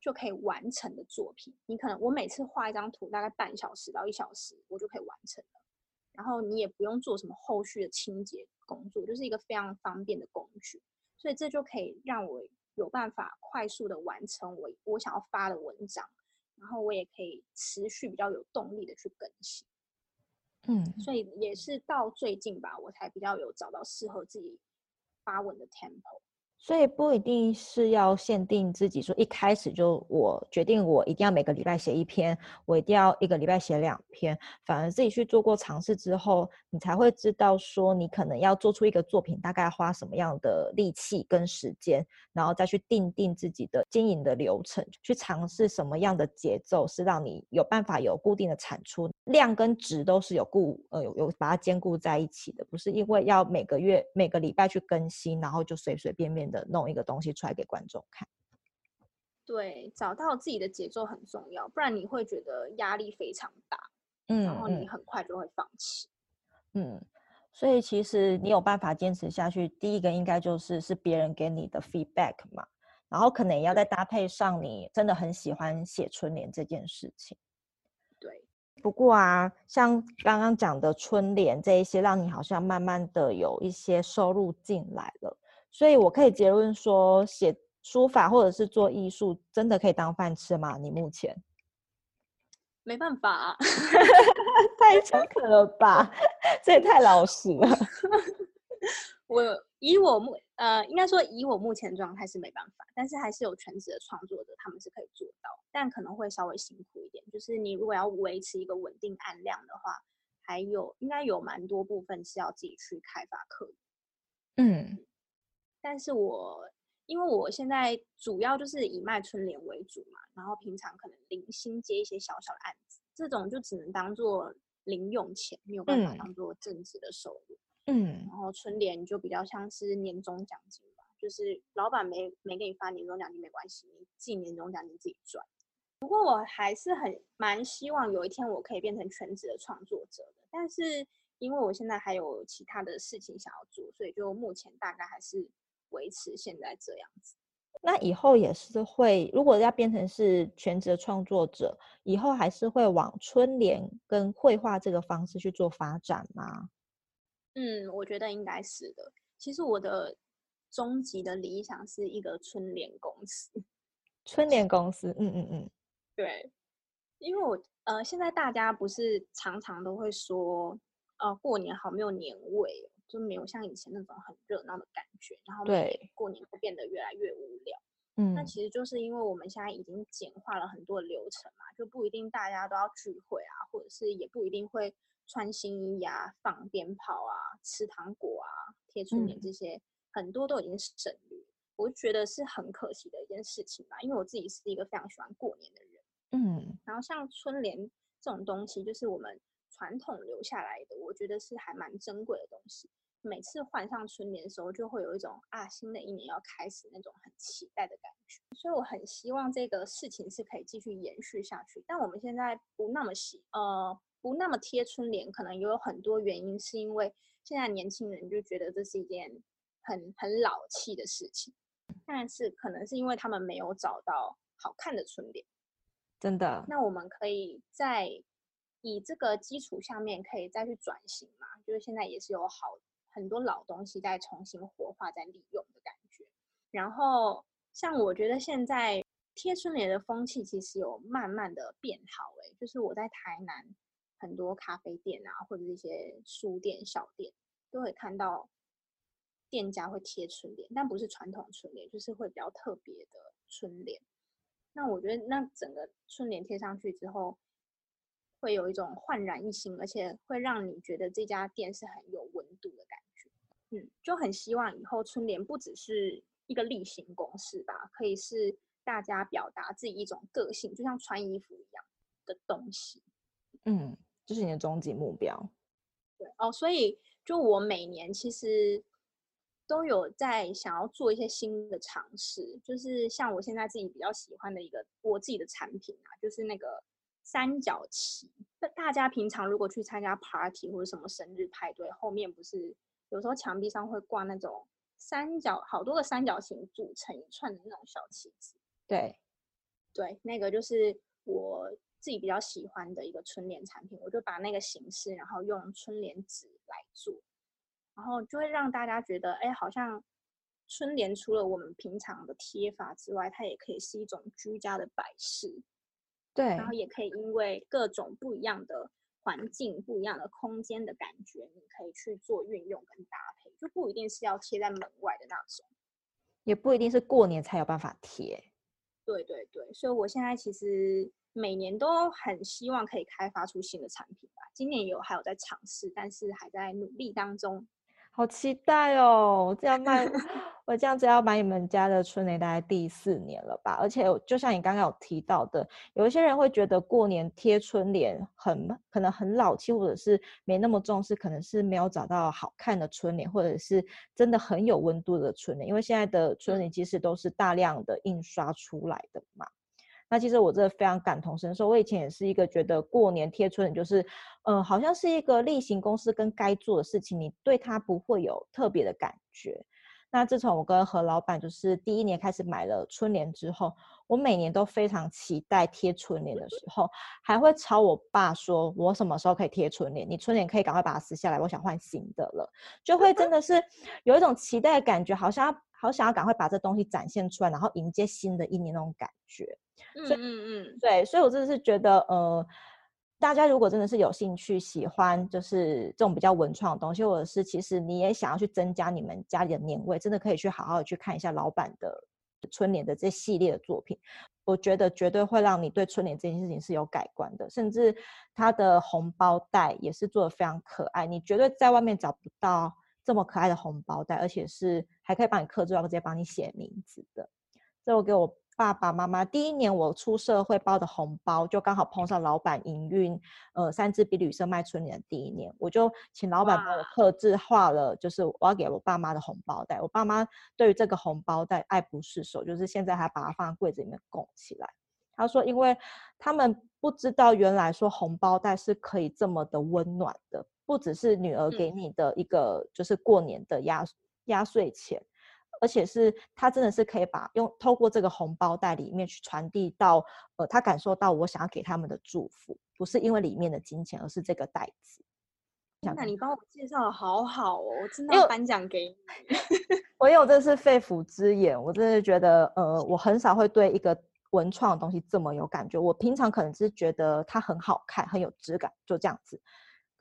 就可以完成的作品。你可能我每次畫一張圖，大概半小時到一小時，我就可以完成了。然後你也不用做什麼後續的清潔工作，就是一個非常方便的工具。所以這就可以讓我有辦法快速的完成我我想要發的文章，然後我也可以持續比較有動力的去更新。嗯， 所以也是到最近吧，我才比較有找到適合自己發文的 tempo。所以不一定是要限定自己說一開始就我決定我一定要每個禮拜寫一篇，我一定要一個禮拜寫兩篇。反而自己去做過嘗試之後，你才會知道說你可能要做出一個作品大概要花什麼樣的力氣跟時間，然後再去定定自己的經營的流程，去嘗試什麼樣的節奏是讓你有辦法有固定的產出量跟值都是有固，呃有有把它兼顧在一起的，不是因為要每個月每個禮拜去更新，然後就隨隨便便的。弄一個東西出來給觀眾看，對，找到自己的節奏很重要，不然你會覺得壓力非常大，嗯，然後你很快就會放棄，嗯，所以其實你有辦法堅持下去，第一個應該就是是別人給你的 feedback 嘛，然後可能也要再搭配上你真的很喜歡寫春聯這件事情，對，不過啊，像剛剛講的春聯這一些，讓你好像慢慢的有一些收入進來了。所以，我可以結論說，寫書法或者是做藝術，真的可以當飯吃嗎？你目前沒辦法、啊， 太誠懇了吧？ 這也太老實了。我以我目呃，應該說以我目前的狀態是沒辦法，但是還是有全職的創作者，他們是可以做到，但可能會稍微辛苦一點。就是你如果要維持一個穩定案量的話，還有應該有蠻多部分是要自己去開發客源。嗯。但是我因為我現在主要就是以賣春聯為主嘛，然後平常可能零星接一些小小的案子，這種就只能當做零用錢，沒有辦法當做正職的收入。嗯，然後春聯就比較像是年終獎金吧，就是老板沒沒給你發年終獎金沒關係，你自己年終獎金自己賺。不過我還是很蠻希望有一天我可以變成全職的創作者的，但是因為我現在還有其他的事情想要做，所以就目前大概還是。維持現在這樣子，那以後也是會，如果要變成是全職創作者，以後還是會往春聯跟繪畫這個方式去做發展嗎？嗯，我覺得應該是的。其實我的終極的理想是一個春聯公司，春聯公司，就是、嗯嗯嗯，對，因為我呃，現在大家不是常常都會說，呃，過年好沒有年味。就沒有像以前那種很熱鬧的感覺，然後對過年會變得越來越無聊。嗯對，那其實就是因為我們現在已經簡化了很多的流程嘛，就不一定大家都要聚會啊，或者是也不一定會穿新衣啊、放鞭炮啊、吃糖果啊、貼春聯這些，嗯、很多都已經省略。我覺得是很可惜的一件事情吧，因為我自己是一個非常喜歡過年的人。嗯，然後像春聯這種東西，就是我們。傳統留下來的，我覺得是還蠻珍貴的東西。每次換上春聯的時候，就會有一種啊，新的一年要開始那種很期待的感覺。所以我很希望這個事情是可以繼續延續下去。但我們現在不那麼喜呃，不那麼貼春聯，可能也有很多原因，是因為現在年輕人就覺得這是一件很很老氣的事情。但是可能是因為他們沒有找到好看的春聯，真的。那我們可以在。以這個基礎下面可以再去轉型嘛？就是現在也是有好很多老東西在重新活化、在利用的感覺。然後像我覺得現在貼春聯的風氣其實有慢慢的變好誒，就是我在台南很多咖啡店啊，或者一些書店小店都會看到店家會貼春聯，但不是傳統春聯，就是會比較特別的春聯。那我覺得那整個春聯貼上去之後。會有一種煥然一新，而且會讓你覺得這家店是很有溫度的感覺。嗯，就很希望以後春聯不只是一個例行公事吧，可以是大家表達自己一種個性，就像穿衣服一樣的東西。嗯，就是你的終極目標。對哦，所以就我每年其實都有在想要做一些新的嘗試，就是像我現在自己比較喜歡的一個我自己的產品啊，就是那個。三角旗，那大家平常如果去參加 party 或者什麼生日派對，後面不是有時候牆壁上會掛那種三角，好多個三角形組成一串的那種小旗子。對，對，那個就是我自己比較喜歡的一個春聯產品，我就把那個形式，然後用春聯紙來做，然後就會讓大家覺得，哎、欸，好像春聯除了我們平常的貼法之外，它也可以是一種居家的擺飾。對，然後也可以因為各種不一樣的環境、不一樣的空間的感覺，你可以去做運用跟搭配，就不一定是要貼在門外的那種，也不一定是過年才有辦法貼。對對對，所以我現在其實每年都很希望可以開發出新的產品吧，今年有還有在嘗試，但是還在努力當中。好期待哦！我這樣買，我這樣子要買你們家的春聯，大概第四年了吧。而且，就像你剛剛有提到的，有一些人會覺得過年貼春聯很可能很老氣，或者是沒那麼重視，可能是沒有找到好看的春聯，或者是真的很有溫度的春聯。因為現在的春聯其實都是大量的印刷出來的嘛。那其實我真的非常感同身受，我以前也是一個覺得過年貼春聯就是，嗯、呃，好像是一個例行公事跟該做的事情，你對它不會有特別的感覺。那自從我跟何老闆就是第一年開始買了春聯之後。我每年都非常期待貼春聯的時候，還會朝我爸說：“我什麼時候可以貼春聯？你春聯可以趕快把它撕下來，我想換新的了。”就會真的是有一種期待的感覺，好像好想要趕快把這東西展現出來，然後迎接新的一年那種感覺。嗯嗯嗯，對，所以我真的是覺得，呃，大家如果真的是有興趣、喜歡，就是這種比較文創的東西，或者是其實你也想要去增加你們家裡的年味，真的可以去好好的去看一下老板的。春聯的這系列的作品，我覺得絕對會讓你對春聯這件事情是有改觀的，甚至它的紅包袋也是做的非常可愛，你絕對在外面找不到這麼可愛的紅包袋，而且是還可以幫你刻字，然後直接幫你寫名字的。這我給我爸爸媽媽，第一年我出社會包的紅包，就剛好碰上老闆營運，呃，三支筆旅舍賣春聯的第一年，我就請老闆幫我特制化了，就是我要給我爸媽的紅包袋。我爸媽對於這個紅包袋愛不釋手，就是現在還把它放在櫃子裡面供起來。他說，因為他們不知道原來說紅包袋是可以這麼的溫暖的，不只是女兒給你的一個，就是過年的壓、嗯、壓歲錢。而且是，他真的是可以把用透過這個紅包袋裡面去傳遞到，呃，他感受到我想要給他們的祝福，不是因為裡面的金錢，而是這個袋子。天哪，你幫我介紹的好好哦，我真的要頒獎給你。我有，這是肺腑之言，我真的覺得，呃，我很少會對一個文創的東西這麼有感覺。我平常可能只是覺得它很好看，很有質感，就這樣子。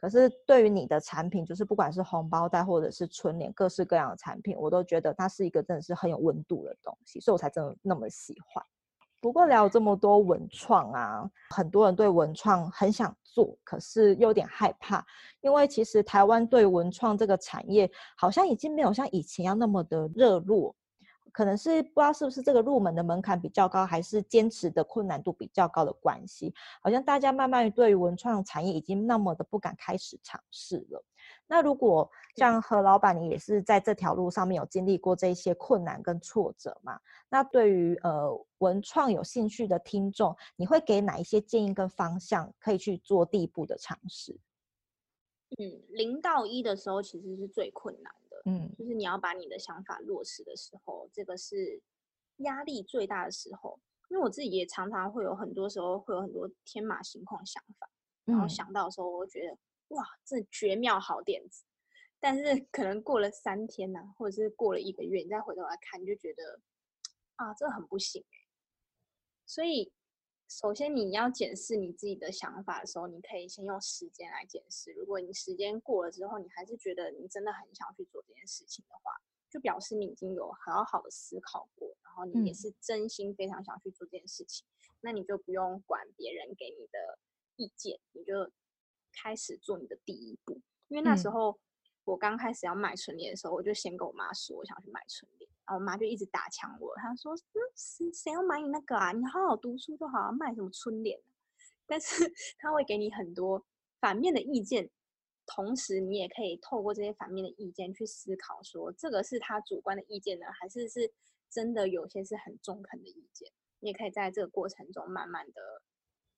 可是對於你的產品，就是不管是紅包袋或者是春聯、各式各樣的產品，我都覺得它是一個真的是很有溫度的東西，所以我才真的那麼喜歡。不過聊這麼多文創啊，很多人對文創很想做，可是又有點害怕，因為其實台灣對文創這個產業好像已經沒有像以前要那麼的熱絡。可能是不知道是不是這個入門的門檻比較高，還是堅持的困難度比較高的關係，好像大家慢慢對於文創產業已經那麼的不敢開始嘗試了。那如果像何老闆，你也是在這條路上面有經歷過這些困難跟挫折嘛？那對於呃文創有興趣的聽眾，你會給哪一些建議跟方向可以去做第一步的嘗試？嗯，零到一的時候其實是最困難。嗯，就是你要把你的想法落實的時候，這個是壓力最大的時候。因為我自己也常常會有很多時候會有很多天馬行空想法，然後想到的時候，我覺得哇，這絕妙好點子。但是可能過了三天呢、啊，或者是過了一個月，你再回頭來看，你就覺得啊，這很不行哎。所以。首先，你要檢視你自己的想法的時候，你可以先用時間來檢視。如果你時間過了之後，你還是覺得你真的很想去做這件事情的話，就表示你已經有好好的思考過，然後你也是真心非常想去做這件事情，嗯、那你就不用管別人給你的意見，你就開始做你的第一步，因為那時候。嗯我剛開始要賣春聯的時候，我就先跟我媽說，我想去賣春聯，然後我媽就一直打槍我，她說：“嗯，誰誰要買你那個啊？你好好讀書都好，要賣什麼春聯啊？”但是他會給你很多反面的意見，同時你也可以透過這些反面的意見去思考說，說這個是他主觀的意見呢，還是是真的有些是很中肯的意見？你也可以在這個過程中慢慢的、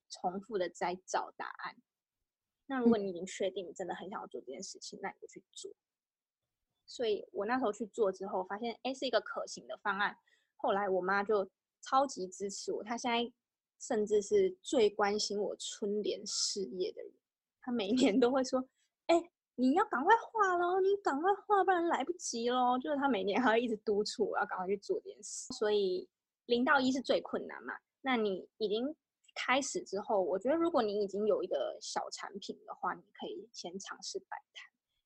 重複的再找答案。那如果你已經確定你真的很想要做這件事情，那你就去做。所以我那時候去做之後，發現哎，是一個可行的方案。後來我媽就超級支持我，她現在甚至是最關心我春聯事業的人。她每年都會說：“哎，你要趕快畫嘍，你趕快畫，不然來不及嘍。”就是她每年還會一直督促我要趕快去做這件事。所以零到一是最困難嘛，那你已經。開始之後，我覺得如果你已經有一個小產品的話，你可以先嘗試擺攤，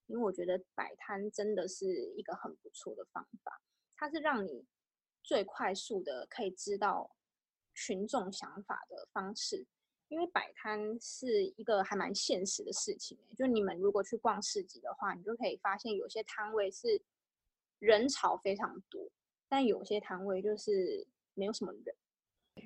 因為我覺得擺攤真的是一個很不錯的方法。它是讓你最快速的可以知道群眾想法的方式，因為擺攤是一個還蠻現實的事情。就你們如果去逛市集的話，你就可以發現有些攤位是人潮非常多，但有些攤位就是沒有什麼人。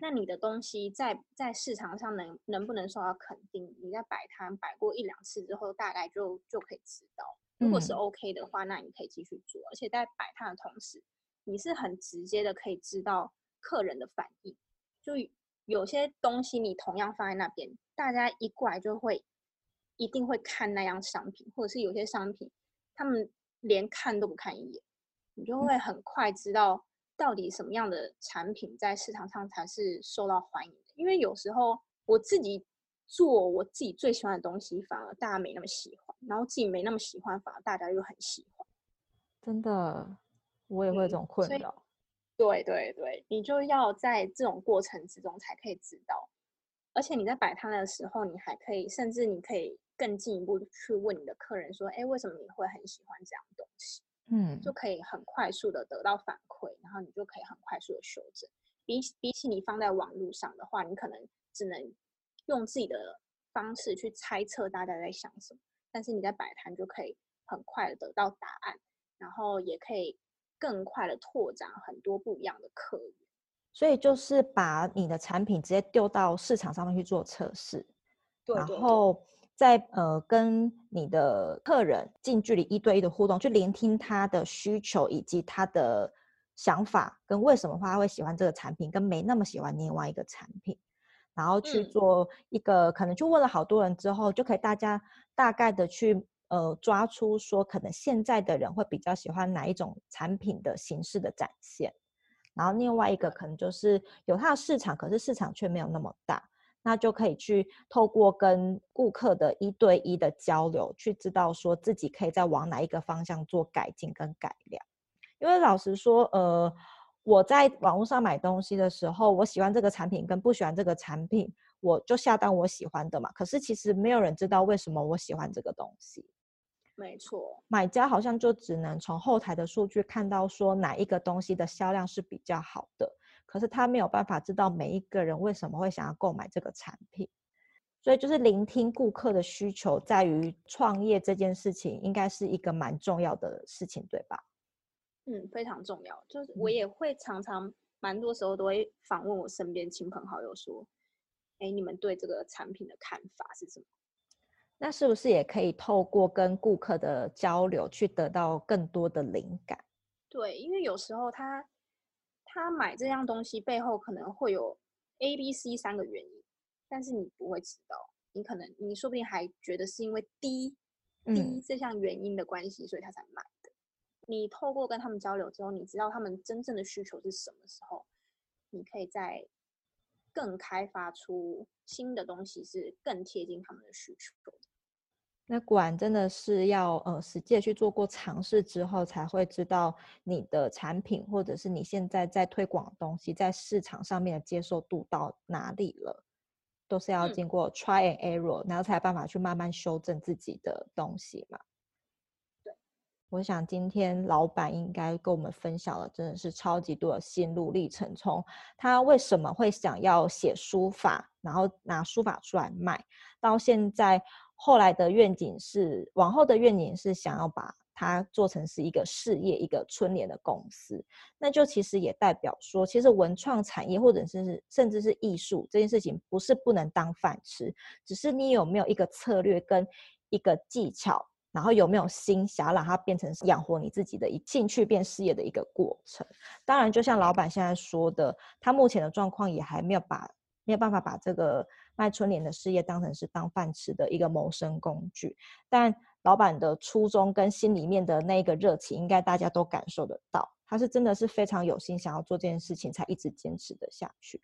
那你的東西在在市場上能能不能受到肯定？你在擺攤擺過一兩次之後，大概就就可以知道，如果是 OK 的話，那你可以繼續做。而且在擺攤的同時，你是很直接的可以知道客人的反應。就有些東西你同樣放在那邊，大家一過來就會一定會看那樣商品，或者是有些商品他們連看都不看一眼，你就會很快知道。到底什麼樣的產品在市場上才是受到歡迎的？因為有時候我自己做我自己最喜歡的東西，反而大家沒那麼喜歡；然後自己沒那麼喜歡，反而大家又很喜歡。真的，我也會有這種困擾、嗯。對對對，你就要在這種過程之中才可以知道。而且你在擺攤的時候，你還可以，甚至你可以更進一步去問你的客人說：“哎，為什麼你會很喜歡這樣的東西？”嗯，就可以很快速的得到反饋，然後你就可以很快速的修正。比比起你放在網路上的話，你可能只能用自己的方式去猜測大家在想什麼，但是你在擺攤就可以很快的得到答案，然後也可以更快的拓展很多不一樣的客源。所以就是把你的產品直接丟到市場上面去做測試，對對對，然後。在呃，跟你的客人近距離一對一的互動，去聆聽他的需求以及他的想法，跟為什麼他會喜歡這個產品，跟沒那麼喜歡另外一個產品，然後去做一個可能去問了好多人之後，就可以大家大概的去呃抓出說，可能現在的人會比較喜歡哪一種產品的形式的展現。然後另外一個可能就是有它的市場，可是市場卻沒有那麼大，那就可以去透過跟顧客的一對一的交流，去知道說自己可以再往哪一個方向做改進跟改良。因為老實說，呃，我在網絡上買東西的時候，我喜歡這個產品跟不喜歡這個產品，我就下單我喜歡的嘛。可是其實沒有人知道為什麼我喜歡這個東西。沒錯錯，買家好像就只能從後台的數據看到說哪一個東西的銷量是比較好的。可是他沒有辦法知道每一個人為什麼會想要購買這個產品，所以就是聆聽顧客的需求，在於創業這件事情應該是一個蠻重要的事情，對吧？嗯，非常重要。就是我也會常常，嗯、蠻多時候都會訪問我身邊親朋好友，說：“哎，你們對這個產品的看法是什麼？”那是不是也可以透過跟顧客的交流去得到更多的靈感？對，因為有時候他。他買這樣東西背後可能會有 A、B、C 三個原因，但是你不會知道。你可能你說不定還覺得是因為 D、嗯、D 這項原因的關係，所以他才買的。你透過跟他們交流之後，你知道他們真正的需求是什麼時候，你可以再更開發出新的東西，是更貼近他們的需求的。那果然真的是要呃實際去做過嘗試之後，才會知道你的產品或者是你現在在推廣東西，在市場上面的接受度到哪裡了，都是要經過 try and error，、嗯、然後才有辦法去慢慢修正自己的東西嘛。對，我想今天老闆應該跟我們分享了，真的是超級多的心路歷程，從他為什麼會想要寫書法，然後拿書法出來賣，到現在。後來的願景是，往後的願景是想要把它做成是一個事業，一個春聯的公司。那就其實也代表說，其實文創產業或者是甚至甚至是藝術這件事情，不是不能當飯吃，只是你有沒有一個策略跟一個技巧，然後有沒有心想要讓它變成養活你自己的一興趣變事業的一個過程。當然，就像老闆現在說的，他目前的狀況也還沒有把沒有辦法把這個。賣春聯的事業當成是當飯吃的一個謀生工具，但老板的初衷跟心裡面的那個熱情，應該大家都感受得到。他是真的是非常有心想要做這件事情，才一直堅持的下去。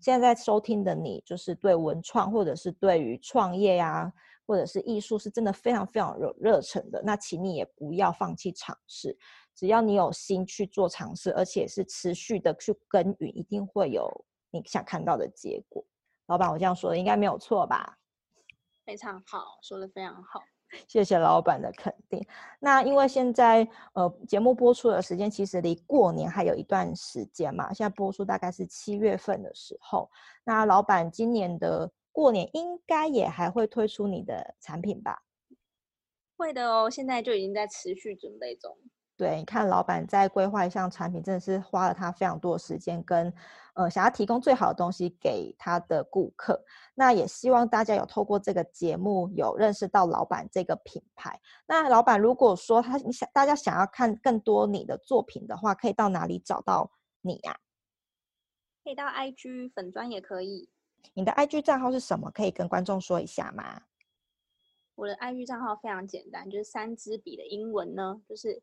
現在在收聽的你，就是對文創或者是對於創業呀、啊，或者是藝術，是真的非常非常有熱忱的。那請你也不要放棄嘗試，只要你有心去做嘗試，而且是持續的去耕耘，一定會有你想看到的結果。老闆，我這樣說的應該沒有錯吧？非常好，說得非常好。謝謝老闆的肯定。那因為現在呃，節目播出的時間其實離過年還有一段時間嘛，現在播出大概是七月份的時候。那老闆今年的過年應該也還會推出你的產品吧？會的哦，現在就已經在持續準備中。對你看，老闆在規劃一項產品，真的是花了他非常多的時間跟，跟呃想要提供最好的東西給他的顧客。那也希望大家有透過這個節目有認識到老闆這個品牌。那老闆如果說他你想大家想要看更多你的作品的話，可以到哪裡找到你呀、啊？可以到 IG 粉專也可以。你的 IG 賬號是什麼？可以跟觀眾說一下嗎？我的 IG 賬號非常簡單，就是三支筆的英文呢，就是。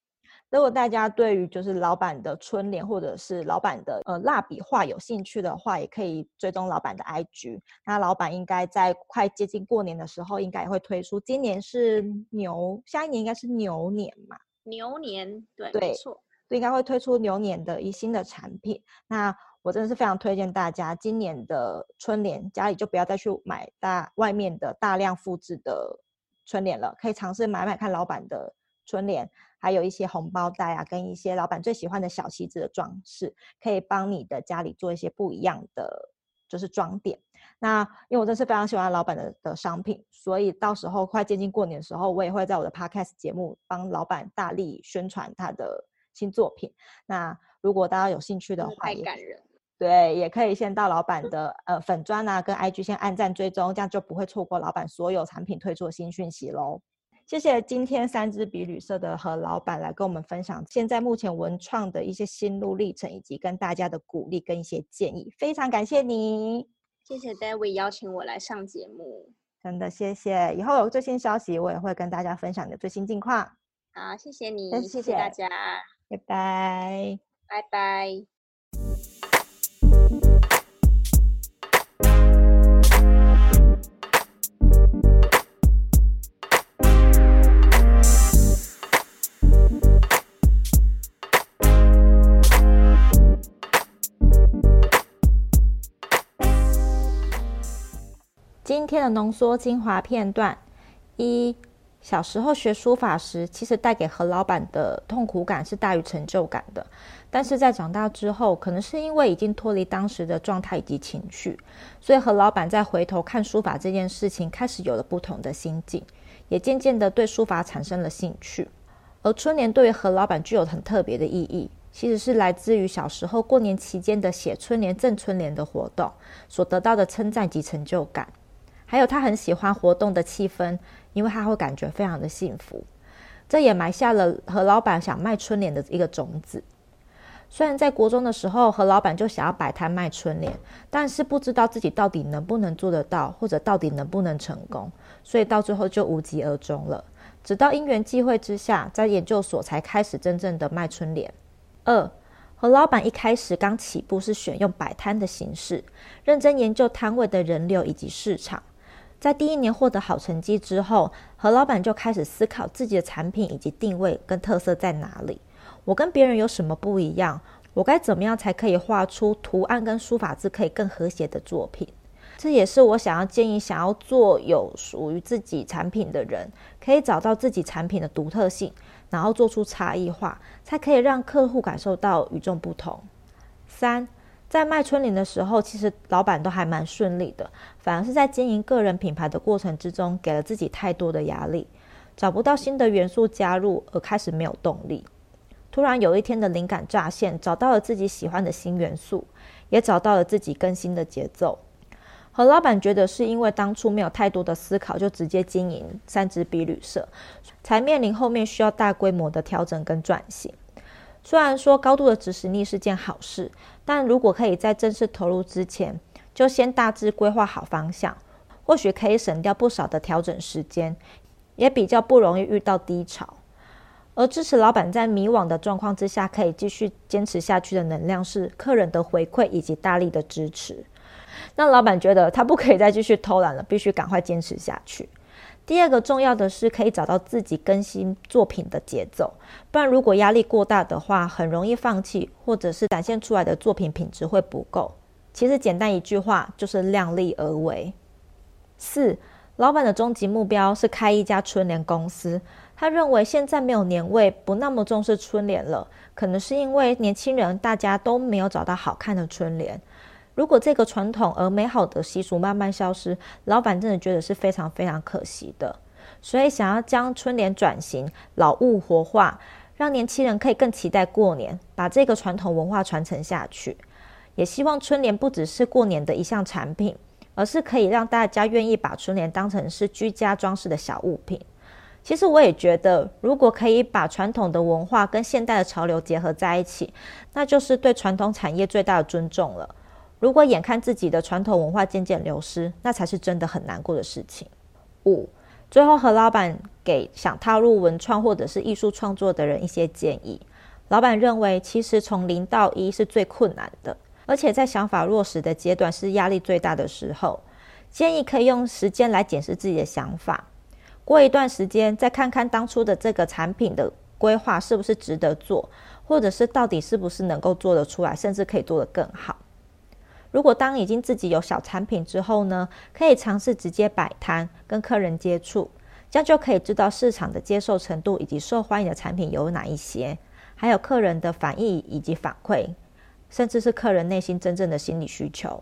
如果大家對於就是老闆的春聯或者是老闆的呃蠟筆畫有興趣的話，也可以追蹤老闆的 IG。那老闆應該在快接近過年的時候，應該也會推出。今年是牛，下一年應該是牛年嘛？牛年，對，對沒錯，就應該會推出牛年的一新的產品。那我真的是非常推薦大家，今年的春聯家裡就不要再去買大外面的大量複製的春聯了，可以嘗試買買看老闆的春聯。還有一些紅包袋啊，跟一些老闆最喜歡的小旗子的裝飾，可以幫你的家裡做一些不一樣的就是裝點。那因為我真是非常喜歡老板的的商品，所以到時候快接近過年的時候，我也會在我的 Podcast 節目幫老板大力宣傳他的新作品。那如果大家有興趣的話，太感人。對，也可以先到老板的呃粉專啊，跟 IG 先按讚追蹤，這樣就不會錯過老板所有產品推出的新訊息嘍。謝謝今天三支筆旅舍的何老闆來跟我們分享現在目前文創的一些心路歷程，以及跟大家的鼓勵跟一些建議，非常感謝你。謝謝 Dewi 邀請我來上節目，真的謝謝。以後有最新消息，我也會跟大家分享的最新近況。好，謝謝你，嗯，謝謝，謝謝大家，拜拜，拜拜。今天的濃縮精華片段一，小時候學書法時，其實帶給何老闆的痛苦感是大於成就感的。但是在長大之後，可能是因為已經脫離當時的狀態以及情緒，所以何老闆在回頭看書法這件事情，開始有了不同的心境，也漸漸的對書法產生了興趣。而春聯對於何老闆具有很特別的意義，其實是來自於小時候過年期間的寫春聯、贈春聯的活動所得到的稱讚及成就感。還有他很喜歡活動的氣氛，因為他會感覺非常的幸福。這也埋下了何老闆想賣春聯的一個種子。雖然在國中的時候，何老闆就想要擺攤賣春聯，但是不知道自己到底能不能做得到，或者到底能不能成功，所以到最後就無疾而終了。直到因緣際會之下，在研究所才開始真正的賣春聯。二，何老闆一開始剛起步是選用擺攤的形式，認真研究攤位的人流以及市場。在第一年獲得好成績之後，何老闆就開始思考自己的產品以及定位跟特色在哪裡。我跟別人有什麼不一樣？我該怎麼樣才可以畫出圖案跟書法字可以更和諧的作品？這也是我想要建議，想要做有屬於自己產品的人，可以找到自己產品的獨特性，然後做出差異化，才可以讓客戶感受到與眾不同。三，在賣春聯的時候，其實老闆都還蠻順利的，反而是在經營個人品牌的過程之中，給了自己太多的壓力，找不到新的元素加入，而開始沒有動力。突然有一天的靈感乍現，找到了自己喜歡的新元素，也找到了自己更新的節奏。何老闆覺得是因為當初沒有太多的思考，就直接經營三支筆旅舍，才面臨後面需要大規模的調整跟轉型。雖然說高度的執行力是件好事。但如果可以在正式投入之前，就先大致規劃好方向，或許可以省掉不少的調整時間，也比較不容易遇到低潮。而支持老闆在迷惘的狀況之下，可以繼續堅持下去的能量是客人的回饋以及大力的支持，讓老闆覺得他不可以再繼續偷懶了，必須趕快堅持下去。第二個重要的是可以找到自己更新作品的節奏，不然如果壓力過大的話，很容易放棄，或者是展現出來的作品品質會不夠。其實簡單一句話就是量力而為。四，老板的終極目標是開一家春聯公司，他認為現在沒有年味，不那麼重視春聯了，可能是因為年輕人大家都沒有找到好看的春聯。如果這個傳統而美好的習俗慢慢消失，老闆真的覺得是非常非常可惜的。所以想要將春聯轉型，老物活化，讓年輕人可以更期待過年，把這個傳統文化傳承下去。也希望春聯不只是過年的一項產品，而是可以讓大家願意把春聯當成是居家裝飾的小物品。其實我也覺得，如果可以把傳統的文化跟現代的潮流結合在一起，那就是對傳統產業最大的尊重了。如果眼看自己的傳統文化漸漸流失，那才是真的很難過的事情。五，最後何老闆給想踏入文創或者是藝術創作的人一些建議。老闆認為，其實從零到一是最困難的，而且在想法落實的階段是壓力最大的時候。建議可以用時間來檢視自己的想法，過一段時間再看看當初的這個產品的規劃是不是值得做，或者是到底是不是能夠做得出來，甚至可以做得更好。如果當已經自己有小產品之後呢，可以嘗試直接擺攤跟客人接觸，這樣就可以知道市場的接受程度以及受歡迎的產品有哪一些，還有客人的反應以及反饋，甚至是客人內心真正的心理需求。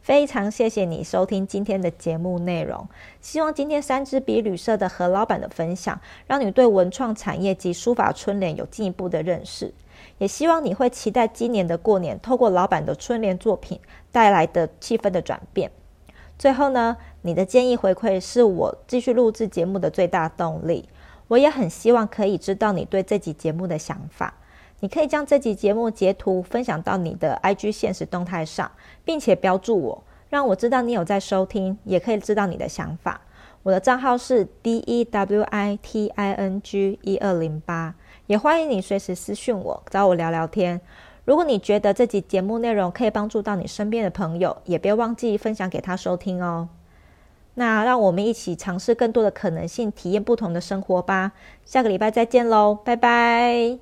非常謝謝你收聽今天的節目內容，希望今天三支筆旅舍的何老闆的分享，讓你對文創產業及書法春聯有進一步的認識。也希望你會期待今年的過年，透過老闆的春聯作品帶來的氣氛的轉變。最後呢，你的建議回饋是我繼續錄制節目的最大動力。我也很希望可以知道你對這集節目的想法。你可以將這集節目截圖分享到你的 IG 現實動態上，並且標注我，讓我知道你有在收聽，也可以知道你的想法。我的賬號是 dewiting 1208。也歡迎你隨時私訊我，找我聊聊天。如果你覺得這集節目內容可以幫助到你身邊的朋友，也別忘記分享給他收聽哦。那讓我們一起嘗試更多的可能性，體驗不同的生活吧。下個禮拜再見嘍，拜拜。